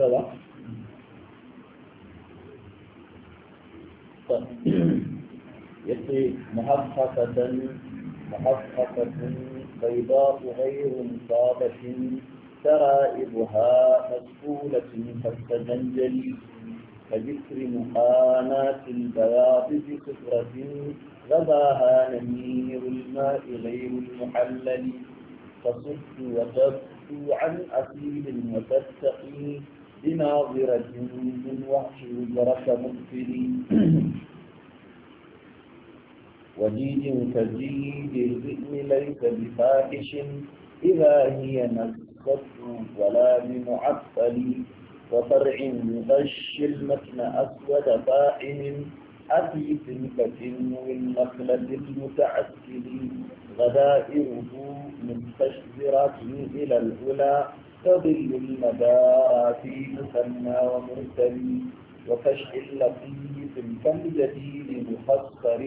كده طيب يأتي محققة محققة بيضاء غير مصابة سرائبها مسؤولة فاستجنجل كذكر مخانات البياض بكثرة غداها نمير الماء غير المحلل فصدت وتبكو عن أصيل وتتقي بناظرة من وحش وجرك مغفر وجيد كجيد الذئب ليس بفاحش إذا هي نفسة ولا بمعطل وفرع يغش المتن أسود فاعل أبي سلفة والنخلة المتعسل غدائره مستشزرة إلى العلا تضل المدار في مثنى ومرتل وكشف لطيف كالجديد مخصر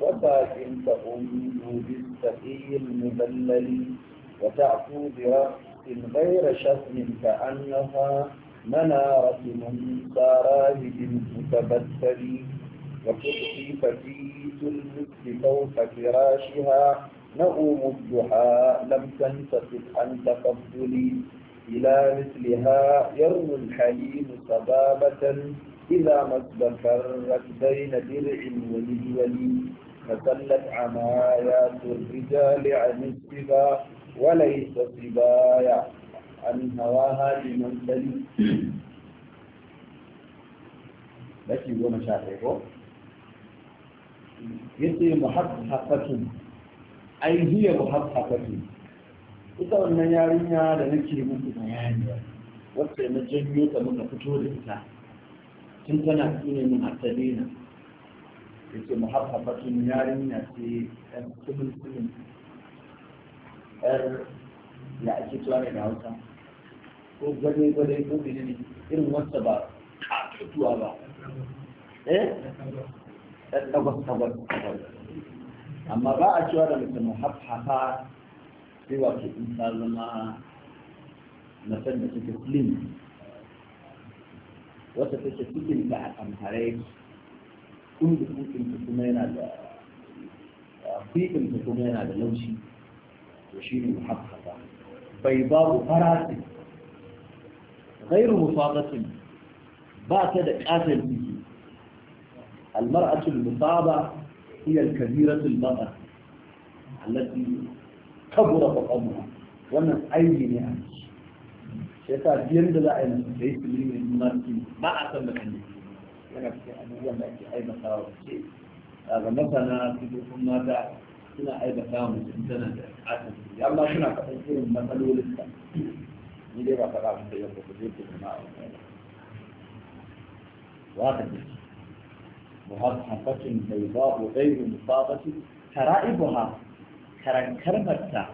وساكن تؤمن بالسقي المذلل وتعفو برأس غير شتم كأنها منارة من سراهد متبتل وتضحي فتيت المسك فوق فراشها نؤوم الضحى لم تنتفت عن تفضلي إلى مثلها يرم الحليم صبابة إذا ما ازدفرت بين درع ولي فسلت عمايات الرجال عن السبا وليس سبايا عن هواها بمنزل لكن يقول مشاعره يسي محققة ai hiya muhaffafatu ita wannan yarinya da nake muku bayani wacce na janyo ta muka fito da ita tun tana tsine min hasalina yace muhaffafatun yarinya ce ɗan kumin kumin ɗan ya ake cewa ne da hausa ko gane gane ko gane ne irin wacce ba katutuwa ba eh ɗan ɗagwas ɗagwas ɗagwas amma ba a cewa da mace muhaffafa sai wato in ta zama macen da take slim wata take cikin da a kamfare kundu kukinta kuma yana da kukinta kuma yana da laushi to shi ne muhaffafa bai babu farasin غير مصابة ba ta da ƙatar jiki almar'atul musaba هي الكبيرة المرأة التي كبر فقامها وانا اي يعني شيخ عزيان دلاء انا سيس مني من المناسي ما اعتم لك اني انا في اي مسارة شيء هذا مثلا في بطن مادع هنا اي بسامة انتنا عاتم يا الله شنا فتنسين مثلو لسا ندير افراد في يوم بطن مادع واحد مادع مضحكة بيضاء وغير مصابة ترائبها كرن كرمتا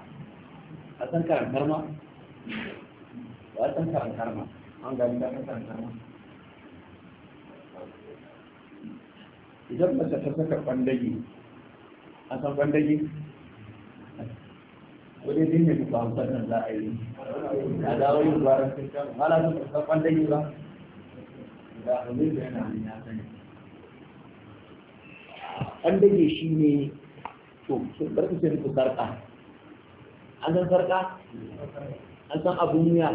أتن كرن كرمة وأتن كرن كرمة عن قال لك كرن كرمة إذا ما تتذكر بندجي أتن بندجي kudin din ne duka hamsar nan za a yi a dawo yin ba hala su karɓar da yi ba da abin da yana hannun an dage shi ne to sun bar ce muku sarƙa an san sarƙa an san abun wuya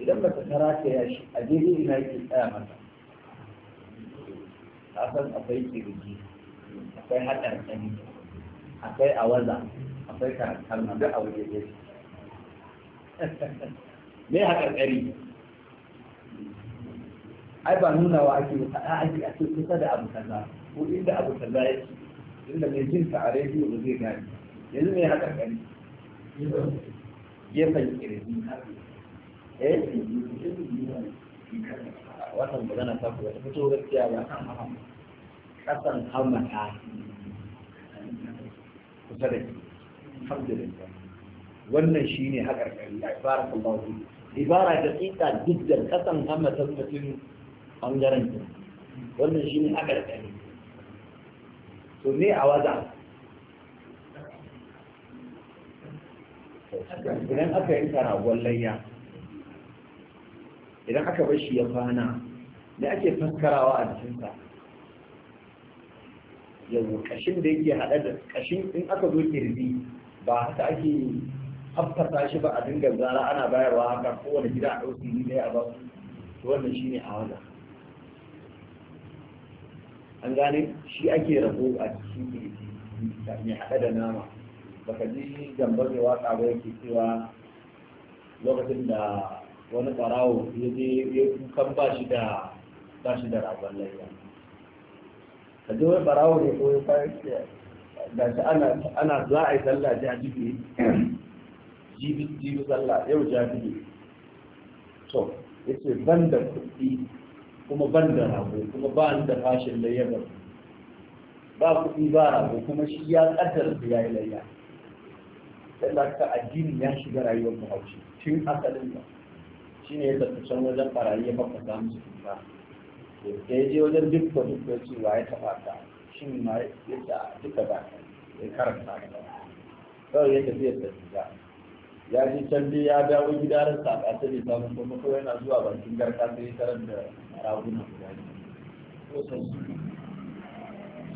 idan ba ta kara ta ya shi a daidai ina yake tsaya mata ta san akwai kirgi akwai haɗar tsani akwai awaza akwai karkar na duk a waje ne me haɗar tsari ai ba nuna wa ake a ake a kusa da abu kaza ko inda abu ya yake inda mai jin sa a rediyo ba zai gane yanzu mai haka gani gefen kirji eh wannan magana ta kuwa ta fito gaskiya ba kasan hamata kusa da ke alhamdulillah wannan shine haka gani barakallahu fiik ibara da tsika duk da kasan hamata mutum bangaren wannan shine haka gani to me a waza idan aka yi tara layya idan aka bar shi ya kwana da ake faskarawa a jikinsa yanzu kashin da yake haɗa da kashin in aka zo kirji ba haka ake haffasa shi ba a dinga zara ana bayarwa haka kowane gida a ɗauki ne a ba to wannan shine a wannan an gane shi ake rabo a cikin mai haɗa da nama baka ji gambar da waka ba yake cewa lokacin da wani ɓarawo ya je ya kukan ba shi da ba shi da rabon laiya ka je wani ɓarawo ne ko ya fara da shi ana za a yi sallah a jibi jibi sallah yau jibi to ya ce ban da kuɗi kuma ban da rago kuma ba ni da fashin layyabar ba kuɗi ba rago kuma shi ya ƙaddar da ya yi layya dan da ka addini ya shiga rayuwar bahaushe tun asalin ba shine ya tafi can wajen barayi ya fafa ta su ba da ya je wajen dukkan dukkan cewa ya taɓa ta shin ma ya duka ba ya karanta ba kawai ya tafi ya tafi ya je can dai ya dawo gida da sa a tare ta kuma ko yana zuwa bakin garka ta yi tarar da raguna guda ko san su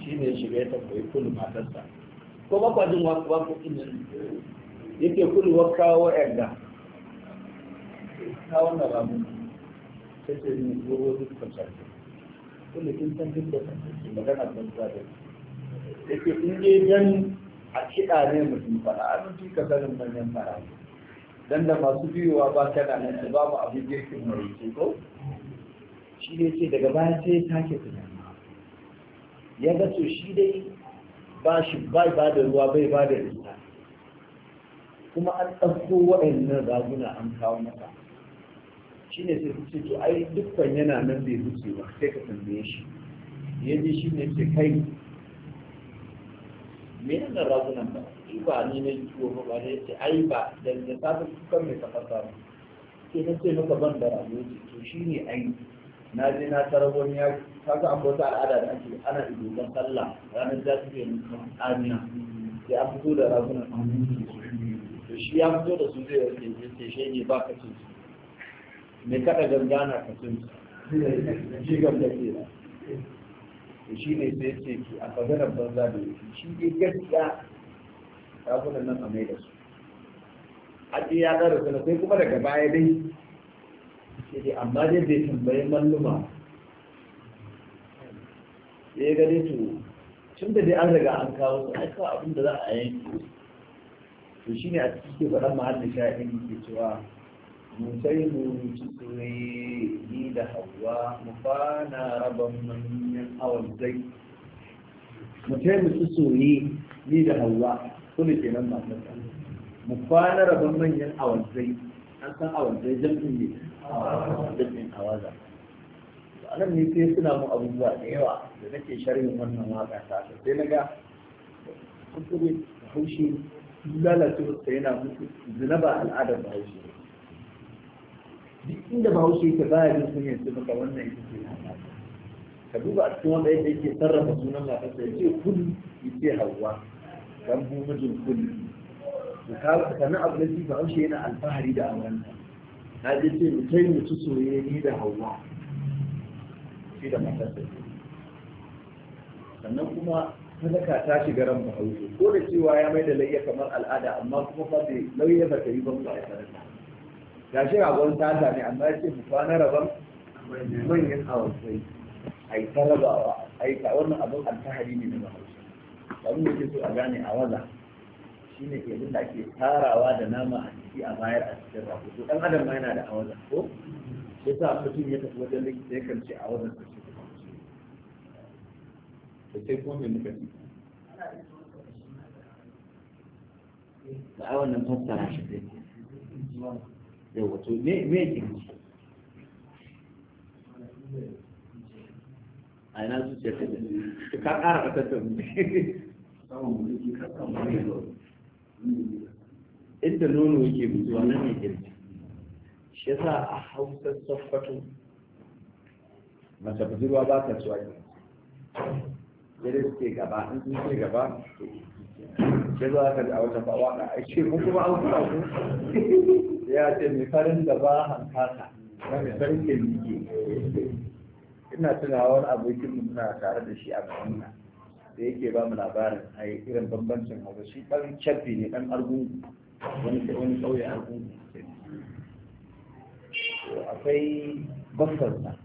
shi ne shiga ya tambayi kullu matarsa ko ba kwa jin wasu wasu ɗin yake kullu wa kawo ta wannan raguna sai ce ni gobe duk kwanciyar kullu kin san duk da kan magana ban zuwa da yake in dai gani a kiɗa ne mutum fara a cikin ka manyan manyan ne dan da masu biyowa ba da nan ba babu abin girkin mai ce ko shi ne ce daga baya sai ta ke tunani ya ga to shi dai ba shi bai ba da ruwa bai ba da ruwa kuma an ɗauko waɗannan raguna an kawo masa shi ne sai ce to ai dukkan yana nan bai huce ba sai ka tambaye shi ya ji shi ne ce kai me yana ragunan ba shi ba ni ne yi ciwo ba ne ce ai ba da da safe kukan mai kafa samu ke ta ce maka ban da rayuwa to shi ne ai na je na tarar wani ya ga abu ta al'ada da ake ana idokan sallah ranar da su ke amina sai an fito da ragunan to shi ya fito da su zai wanke ya ce shi ne ba ka cin su mai kaɗa gangana ka cin shi ga da ke da shi ne sai ce ki a faganar banza da yake shi ne gaskiya ɗakunan nan a mai da su haƙi ya ɗara sana sai kuma daga baya dai sai amma dai bai tambayi malluma ya yi gane to tun da dai an riga an kawo su ai kawai abin da za a yanke to ne a cikin faɗan mahallin sha'in ke cewa musai mu cikure ni da hawa mu fana rabon manyan awon zai musai mu cikure ni da hawa su ne kenan masu mu kwana rabon manyan awalzai an san awalzai jam'in ne jam'in awaza a nan ne sai suna mu abubuwa da yawa da nake sharhin wannan waka ta sai na ga kuskure haushi lalace ta yana mutu zina ba al'adar bahaushe duk inda bahaushe yake baya jin sun yanzu maka wannan ita ce ka duba a cikin wanda yadda yake sarrafa sunan matarsa ya ce kudu ya ce Hauwa. dan bubujin kulli to ka sanin abu da shi ba amshe yana alfahari da amanta na ji ce mu kai mu ci soyayya ni da hawa shi da matarsa sannan kuma sadaka ta shiga ran bahaushe ko da cewa ya mai da layya kamar al'ada amma kuma fa bai lauya ba ta yi ban ba ya sadaka ga shi ragon tata ne amma ya ce mu kwana rabon manyan sai a yi ta rabawa a yi ta wannan abin alfahari ne na bahaushe abin da ke so a gane a waza shi ne ke da ake tarawa da nama a ciki a bayar a cikin rafi to ɗan adam ma yana da a waza ko ya sa mutum ya tafi wajen likita kance a waza ta ce ta ce sai kuma mai muka ci da a wannan na shi dai yau wato me me musu a ina zuciya ta ka ƙara inda nono yake mutuwa nan ne girki shi yasa a hausar sakwato masa budurwa ba ta suwa ne sai suke gaba in sun ce gaba shi za ka a wata bawa a Aiki, ko kuma an kula ku ya ce mai farin gaba hankaka na mai farin ke ina tunawa wani abokin mu muna tare da shi a kanuna da yake ba mu labarin a irin bambancin hausa shi ɗan cabbi ne ɗan argungu wani wani ƙauye argungu akwai baffarsa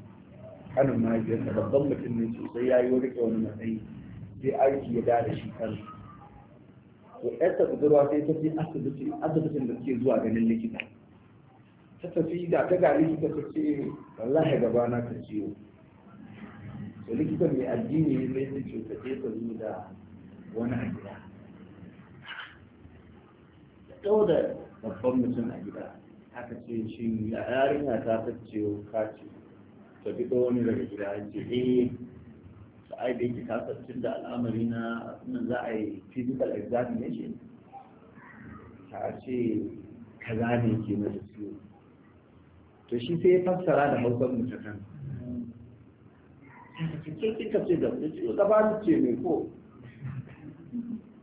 kanin da babban mutum ne sosai ya yi riƙe wani matsayi sai aiki ya da shi kan to ta budurwa sai ta fi asibitin da suke zuwa ganin likita ta tafi da ta gari ta ce wallahi gabana ta ciwo da likitan mai addini ya zai ta ce ta je ka zo da wani a gida ɗau da babban mutum a gida haka ce shi yarinya ta tace ka ce ta fito wani daga gida ya ce eh ta ai da yake kasar da al'amari na nan za a yi physical examination ta ce kaza ne ke mata ciwo to shi sai ya fassara da hausar mutum sai kika ce da ce gabanin ce mai ko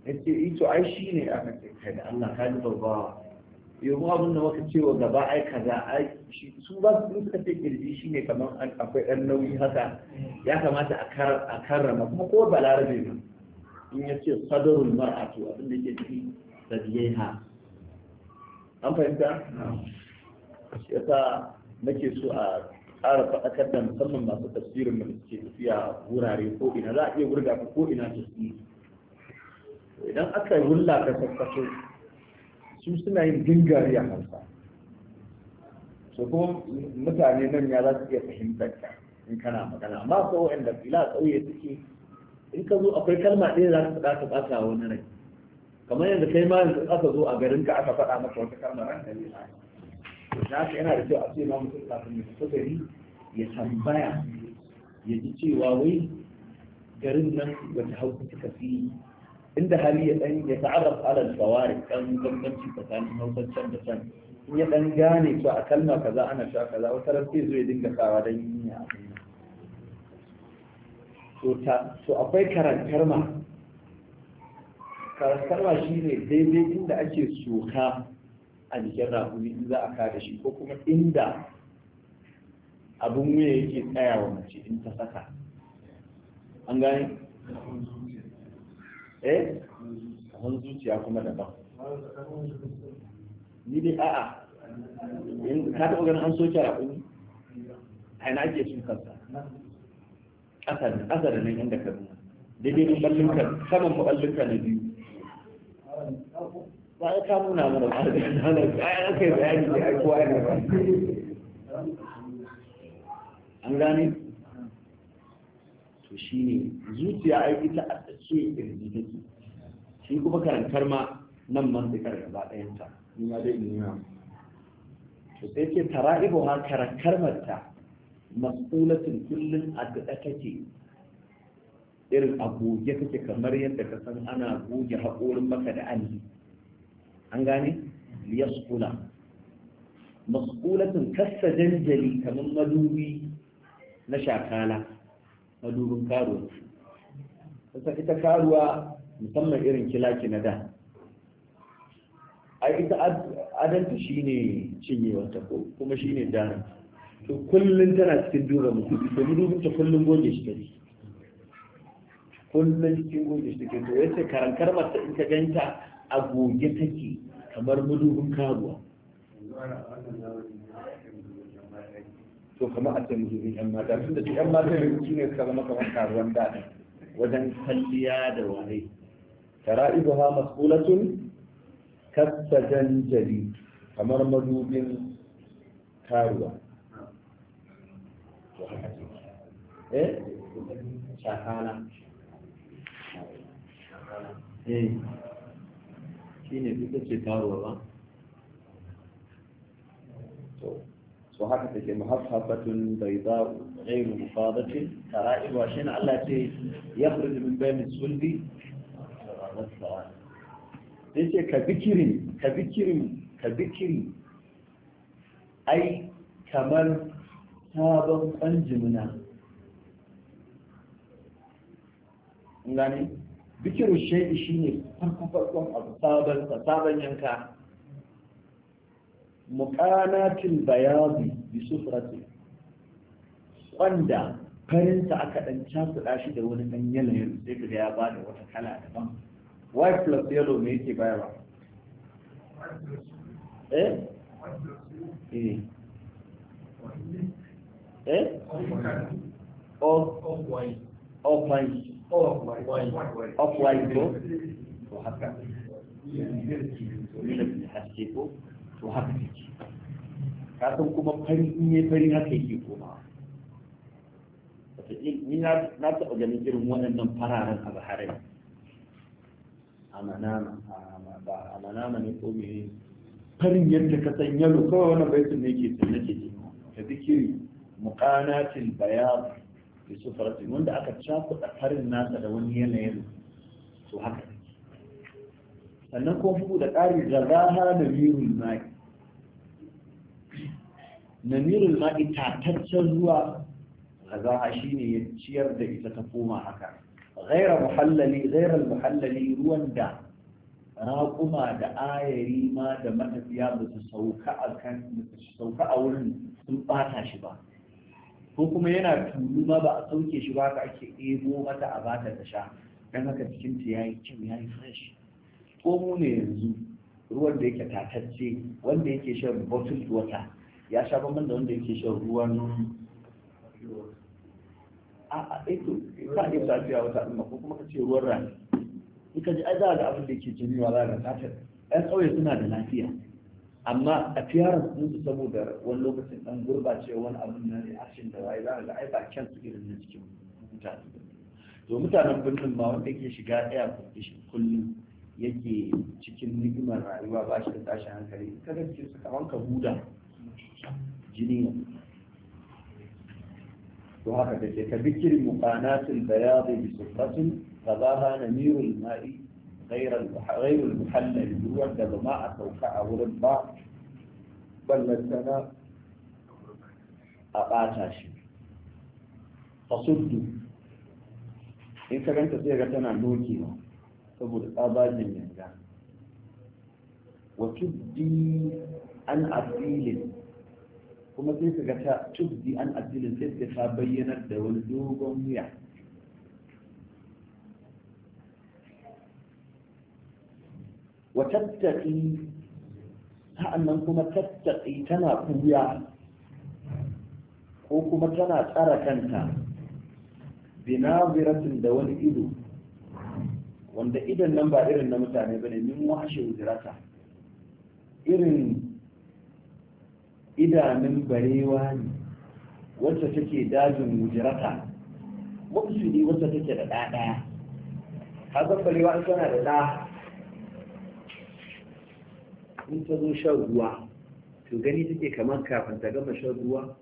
ya ce ito eh, ai shi ne aka ce kai da Allah ka ji babbawa yau abin da muka ce wa gaba ai kaza ai shi su ba su suka ce kirji shi ne kamar akwai ɗan nauyi haka ya kamata a karrama kuma ko balarabe ne in ya ce sadarul mar'atu abin da ke ciki da biyai ha an fahimta Ya yasa nake so a ƙara faɗakar da musamman masu tafsirin da suke tafiya wurare ko ina za a iya gurga ka ko ina su idan aka wulla ka sassafe su suna yin dingari a hausa su kuma mutane nan ya za su iya fahimtar ka in kana magana amma ko wanda fila a ƙauye suke in ka zo akwai kalma ɗaya za ka faɗa ka ɓata wani rai kamar yadda kai ma yanzu aka zo a garin ka aka faɗa maka wata kalma ranka ne na ka yana da kyau a ce ma mutum kafin ya fita gari ya tambaya ya ji cewa wai garin nan wata hausa suka fi inda hali ya dan ya ta'arraf ala al-fawari kan bambanci tsakanin hausa can da can in ya dan gane to a kalma kaza ana sha kaza wata ran sai zo ya dinga sawa dan yin ya to ta to akwai karantarma karantarma shine daidai inda ake soka a jikin rahuni in za a kada shi ko kuma inda abin wuya yake tsaya wa mace in ta saka an gane eh kamar zuciya kuma daban ni dai a'a in ka taɓa ganin an soke raƙumi a ina ake sun kansa ƙasa da nan inda ka nuna daidai maballin saman maballin na biyu ba ya ka nuna mana ba an kai bayani da ai kowa ne an gane to shi ne zuciya ai ita a tsakiyar kirji take shi kuma karantar ma nan man zikar gaba ɗayan ta ni ma dai nuna to sai ce tara'ibu ha karantar mata mas'ulatin kullum a gada take irin a goge take kamar yadda ka san ana goge haƙorin maka da alli an gane liyaskula maskulatun kasa janjali kamar madubi na shakala madubin karuwa sassa ita karuwa musamman irin kilaki na da a ita adanta shi ne cinyewarta kuma shi ne dana to kullum tana cikin dura mutum to mudubin ta kullum goge shi gari kullum cikin goge shi take to yace karankar mata in ka ganta a goge take kamar mudubin karuwa to kamar a ta mudubin yan mata tun da ta yan mata ne su ne suka zama kamar karuwan da wajen kalliya da waye tara'ibuha mas'ulatun kasta janjali kamar madubin karuwa eh shakana eh shine ita ce karuwa ba to so haka take muhaffafatun bayda'u ghayru mufadatin tara'ib wa shin Allah ce yakhruju min bayni sulbi sai ce ka bikirin ka bikirin ka bikiri ai kamar sabon kwanjimina gani bikiru shi ne farko farkon abu sabon sabon yanka muqanatil bayazi, bi sufrati wanda farin aka dan da shi da wani dan yalayin sai kaga ya bada wata kala daban white plus yellow me yake bayarwa eh eh eh off white off white off white ko to haka haske ko to haka take ka kuma fari in yi na taɓa ganin irin waɗannan fararen a zaharai a manama ba a manama ne ko farin yadda ka san yalo kawai wani baitin ne ke tsaye ke jima ka zikiri bayan في سفرة من دا أكتشاف أثر الناس على وني نيل سوحك سنكون فوق دكاري زباها نمير الماء نمير الماء تعتدسل هو غذا عشيني يتشير دا إذا تقوم حكا غير محللي غير المحللي روان دا راقما دا آية ريما دا ما تبيا بس سوكا أكان بس سوكا أولن سنباتا شباك ko kuma yana tulu ma ba a sauke shi ba ka ake ɗebo mata a bata ta sha dan haka cikin ta yayi kyau yayi fresh ko mu ne yanzu ruwan da yake tatacce wanda yake shan bottled water ya sha bamban da wanda yake shan ruwan a'a eto eh ka iya tafiya wata amma ko kuma ka ce ruwan rani in ka ji ai za ga abin da yake jini wa za ga tatar 'yan ƙauye suna da lafiya amma a fiyarar din su saboda wani lokacin dan gurbace wani abu na reaction da waye za ka ga ai ba kyan su irin na cikin mutane to mutanen birnin ma wanda yake shiga ɗaya shi kullum yake cikin ni'imar rayuwa ba shi da tashin hankali kada ki su kaman ka huda jini to haka take ka bikir muqanatil bayadi bi sufratin qadaha namirul ma'i غير غير المحلل اللي هو عند ما اتوقع او ربا بل سنا اباتاش فصد ان كانت تصير كانت عند نوكي فبود اباد من يعني وتبدي ان ابيل كما تيجي كانت تبدي ان ابيل سيد تبينت ده ولدوغم يعني wa tattaqi sa'annan kuma tattaqi tana kuya ko kuma tana tsara kanta bina binaziratin da wani ido wanda idan nan ba irin na mutane ba ne, min washe wujirata irin idanun barewa ne wacce take dajin wujirata mutsu ne wacce take da ɗaya ka zan barewa tana da ɗa in ta zo shan ruwa to gani take kamar kafin ta gama shan ruwa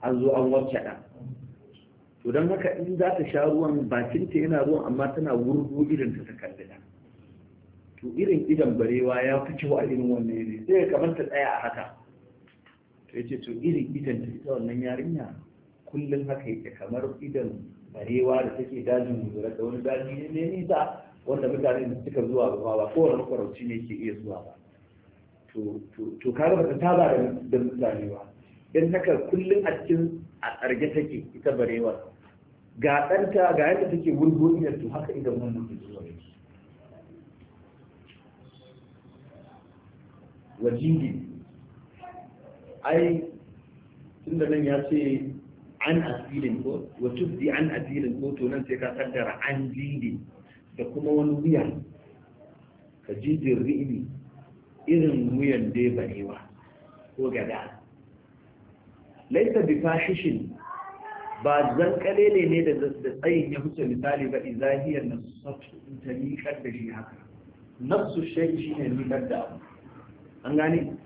an zo an warcaɗa to don haka in za ta sha ruwan bakinta yana ruwan amma tana wurgo irin ta kallida to irin idan barewa ya fi ciwo a irin wannan yare sai kamar ta tsaya a haka to yace to irin idan ta ita wannan yarinya kullum haka yake kamar idan barewa da take dajin gudura da wani daji ne nisa wanda mutane da suka zuwa ba ba kowane makwarauci ne ke iya zuwa ba to kaga ba ta ba da mutane ba in haka kullum a cikin a tsarge take ita barewa ga ɗanta ga yadda take wulguliyar to haka idan wannan ke zuwa yake wajingi ai tunda nan ya ce an asirin ko wa tubdi an asirin ko to nan sai ka kaddara an jingin da kuma wani wuya ka ji jirri'i irin wuyan dai barewa ko gada laisa bi shishin, ba zan kalele ne da tsayin ya huce misali ba izahiyar na in ta miƙar da shi haka nafsu shai shi ne miƙar da abu an gane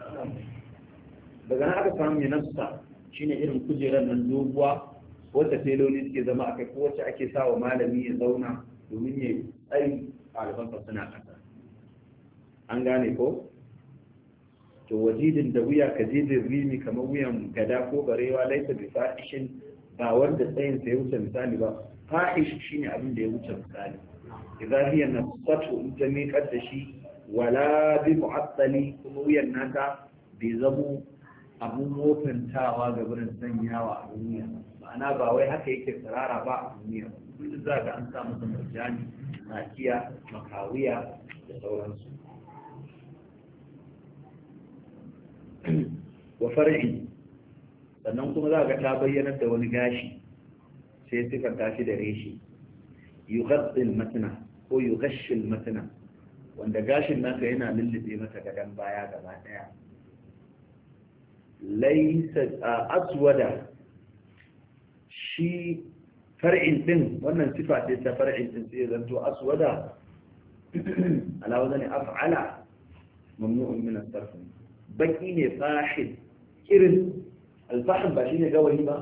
daga nan aka samu ya nafsa shi ne irin kujerar nan doguwa wata feloli suke zama a kai ko wacce ake sa wa malami ya zauna domin ya tsayi ɗalibansa suna ƙasa an gane ko to wajidin da wuya ka jidin rimi kamar wuyan gada ko barewa laifin bi fa'ishin ba wanda tsayin sa ya wuce misali ba shi shine abin da ya wuce misali idan hiya nasatu in ta da shi wala bi mu'attali kuma wuyan nata bai zamo abun mofintawa ga birin sanyawa a duniya ma'ana ba wai haka yake tsirara ba a duniya ba. za ga an samu masa murjani nakiya makawiya da sauransu wa far'i sannan kuma za ga ta bayyanar da wani gashi sai suka tashi da reshi yughadil matna ko yughashil matna wanda gashin naka yana lullube mata gadon baya gaba daya laisa aswada shi far'in din wannan sifa ce ta far'in din sai zan zanto aswada ala wazani af'ala mamnu'un min as-sarf baki ne fahid irin al-fahim ba shine gawayi ba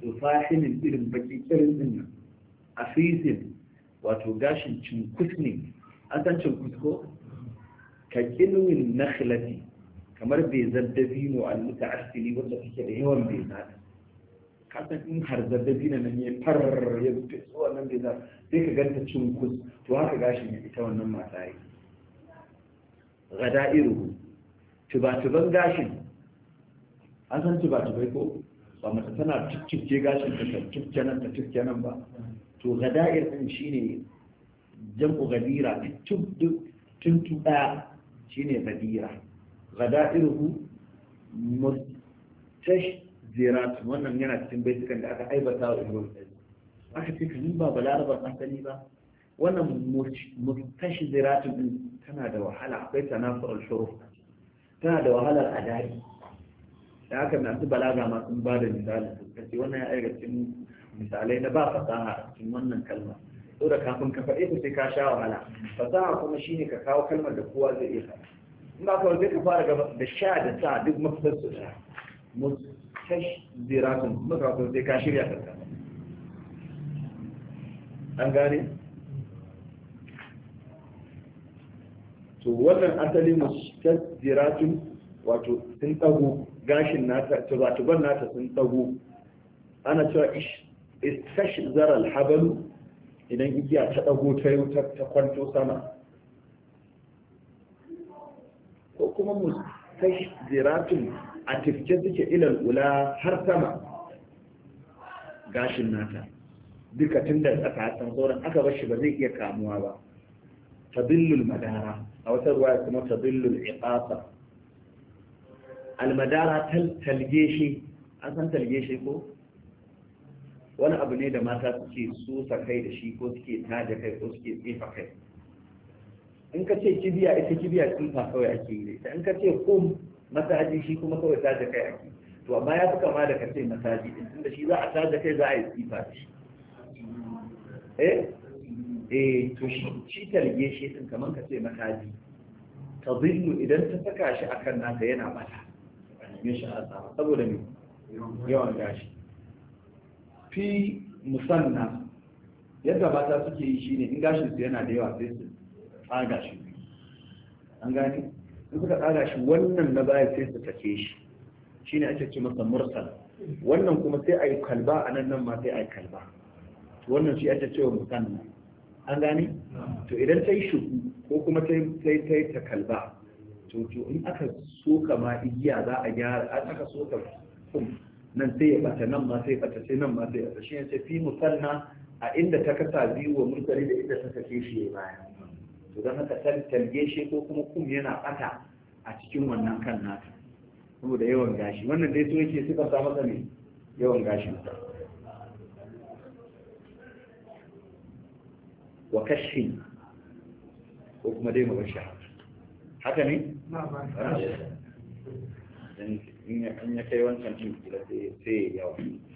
to fahimin irin baki irin din nan afisin wato gashin cinkus ne an san cinkus ko ka kinwin nakhlati kamar bai zaddabino al-muta'assili wanda take da yawan bai zata kasan in har zaddabi na nan ya farar ya zuke zuwa nan bai za sai ka ganta cin kus to haka gashin ya ita wannan mata yi gada iruhu tubatuban gashin an san tubatubai ko ba mata tana cikke gashin ta cikke nan ta cikke nan ba to gada gada'ir din shine jam'u gadira tuntu daya shine gadira gada'iruhu mustash jerat wannan yana cikin baitukan da aka aibata wa ibnu aka ce kan ba balarabar asali ba wannan mutashi ziratun din tana da wahala akwai tanafur al shuruf tana da wahalar adari da haka su balaga ma sun ba da misali kace wannan ya aika cikin misalai na ba fasaha a cikin wannan kalma to da kafin ka faɗe ta sai ka sha wahala fasaha kuma shine ka kawo kalmar da kowa zai iya faɗa in ba ka sai ka fara da sha da sa duk mafsar su da mustashziratun muka wato sai ka shirya kanka an gane to wannan asali mustashziratun wato sun tsago gashin nata to za tuban nata sun tsago ana cewa istashzara alhabalu idan igiya ta dago ta ta kwanto sama ko kuma ziratun a tifke suke ilal ula har sama gashin nata duka tun da tsaka san sauran aka bar shi ba zai iya kamuwa ba tadillul madara a wata ya kuma tadillul iqasa al madara tal talge shi an san talge shi ko wani abu ne da mata suke susa kai da shi ko suke taje kai ko suke tsefa kai in ka ce kibiya ita kibiya tsufa kawai ake yi da in ka ce kum masaji shi kuma kawai sada kai ake to amma ya fi kama da kace masaji din tunda shi za a sada kai za a yi tsifa shi eh eh to shi shi talge shi din kaman kace masaji tadillu idan ta saka shi akan naka yana bata ya shi azaba saboda me yawan gashi fi musanna yadda mata suke yi shine in gashin su yana da yawa sai su tsaga shi an gani in suka tsara shi wannan na baya sai su sake shi shine ake ce masa mursal wannan kuma sai a yi kalba a nan nan ma sai a yi kalba wannan shi ake cewa musanna an gane to idan ta yi shuku ko kuma ta yi ta kalba to to in aka soka ma igiya za a gyara an aka soka kum nan sai ya bata nan ma sai bata sai nan ma sai bata shi ne sai fi musanna a inda ta kasa biyu wa murtali da inda ta sake shi ya baya to zama ka talge shi ko kuma kum yana bata a cikin wannan kan naka saboda yawan gashi wannan dai so yake suka sa masa ne yawan gashi wa kashi ko kuma dai bashi haka ne? in ya kai wancan cin sai yawa